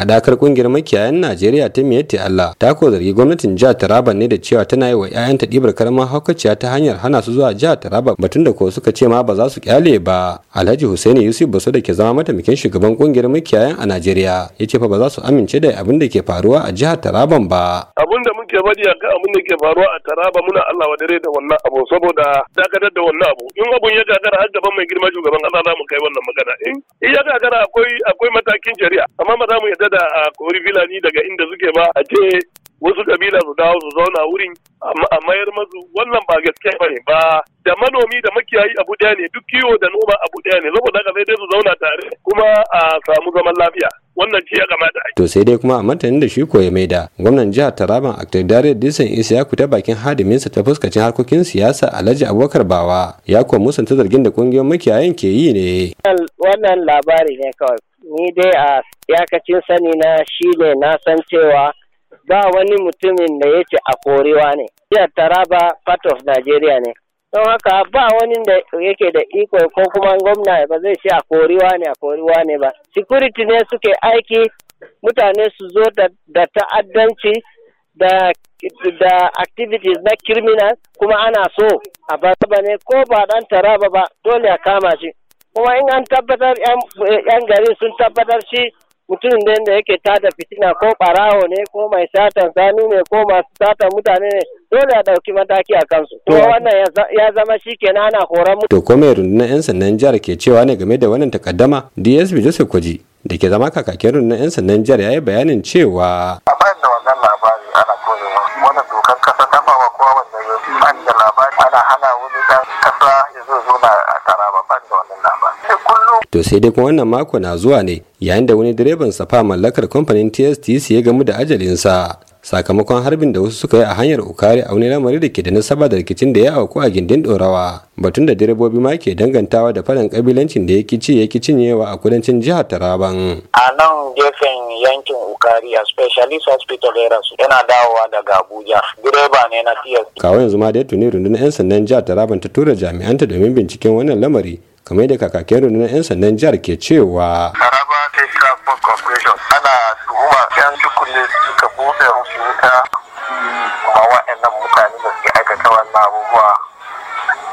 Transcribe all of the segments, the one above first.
A hadakar kungiyar makiyayan najeriya ta miyatti allah ta ko zargi gwamnatin jihar taraba ne da cewa tana yi wa 'ya'yanta ɗibar karamar haukaciya ta hanyar hana su zuwa jihar taraba batun da ko suka ce ma ba za su kyale ba alhaji husaini yusuf baso da ke zama mataimakin shugaban kungiyar makiyayan a najeriya ya ce fa ba za su amince da abin da ke faruwa a jihar taraban ba abin da muke bari a abin da ke faruwa a taraba muna allah wa dare da wannan abu saboda dakatar da wannan abu in abun ya gagara har gaban mai girma shugaban allah za mu kai wannan magana in ya gagara akwai akwai matakin jari'a amma ba za mu yarda da a kori filani daga inda suke ba a ce wasu kabila su dawo su zauna wurin a mayar masu wannan ba gaskiya bane ba da manomi da makiyayi abu daya ne duk kiwo da noma abu daya ne saboda haka sai dai su zauna tare kuma a samu zaman lafiya wannan ce ya kamata to sai dai kuma a martanin da shi mai da gwamnan jihar taraban Dare disan isa ya kuta bakin hadiminsa ta fuskacin harkokin siyasa alhaji abubakar bawa ya kuwa musanta zargin da kungiyoyin makiyayan ke yi ne wannan labari ne kawai ni dai a yakacin sani na shine na san cewa ba wani mutumin da yake a korewa ne jihar taraba part of nigeria ne don haka ba wani da yake da iko ko kuma gwamna ba zai ce a korewa ne a korewa ne ba security ne suke aiki mutane su zo da ta'addanci da da activities na criminal kuma ana so a ba ne ko ba dan taraba ba dole a kama shi kuma in an tabbatar yan garin sun tabbatar shi mutumin da yadda yake tada fitina ko barawo ne ko mai satan zanu ne ko masu satan mutane ne dole a ɗauki mataki a kansu to wannan ya zama shi ana horon mutum to kome mai rundunar 'yan sandan jihar ke cewa ne game da wannan takaddama dsp joseph kwaji da ke zama kakakin rundunar 'yan sandan jihar ya yi bayanin cewa. a bayan da wannan labari ana koyewa wannan dokar kasa ta wa kowa wannan yanzu an da labari ana hana wani dan kasa ya zo zo na to sai dai kuma wannan mako na zuwa ne yayin da wani direban safa mallakar kamfanin tstc ya gamu da ajalinsa sakamakon harbin da wasu suka yi a hanyar ukari a wani lamari da ke da nasaba da rikicin da ya auku a gindin dorawa batun da direbobi ma ke dangantawa da faɗan kabilancin da ya kici ya cinyewa a kudancin jihar taraban a nan gefen yankin ukari a specialist hospital rasu yana dawowa daga abuja direba ne na ts kawo yanzu ma da ya tuni rundunar 'yan sandan jihar taraban ta tura jami'anta domin binciken wannan lamari kamar yadda kakakin rundunar 'yan sandan jihar ke cewa Taraba State Transport Corporation ana tuhuma 'yan tukunne suka buɗe rufe wuta kuma waɗannan mutane da suke aikata wannan abubuwa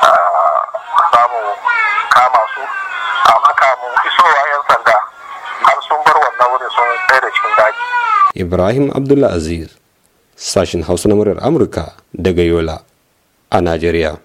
ah, samu kama su amma kamun isowa 'yan sanda har sun bar wannan wurin sun tsaye da cikin daji. Ibrahim Abdullah Aziz sashin Hausa na muryar Amurka daga Yola a Najeriya.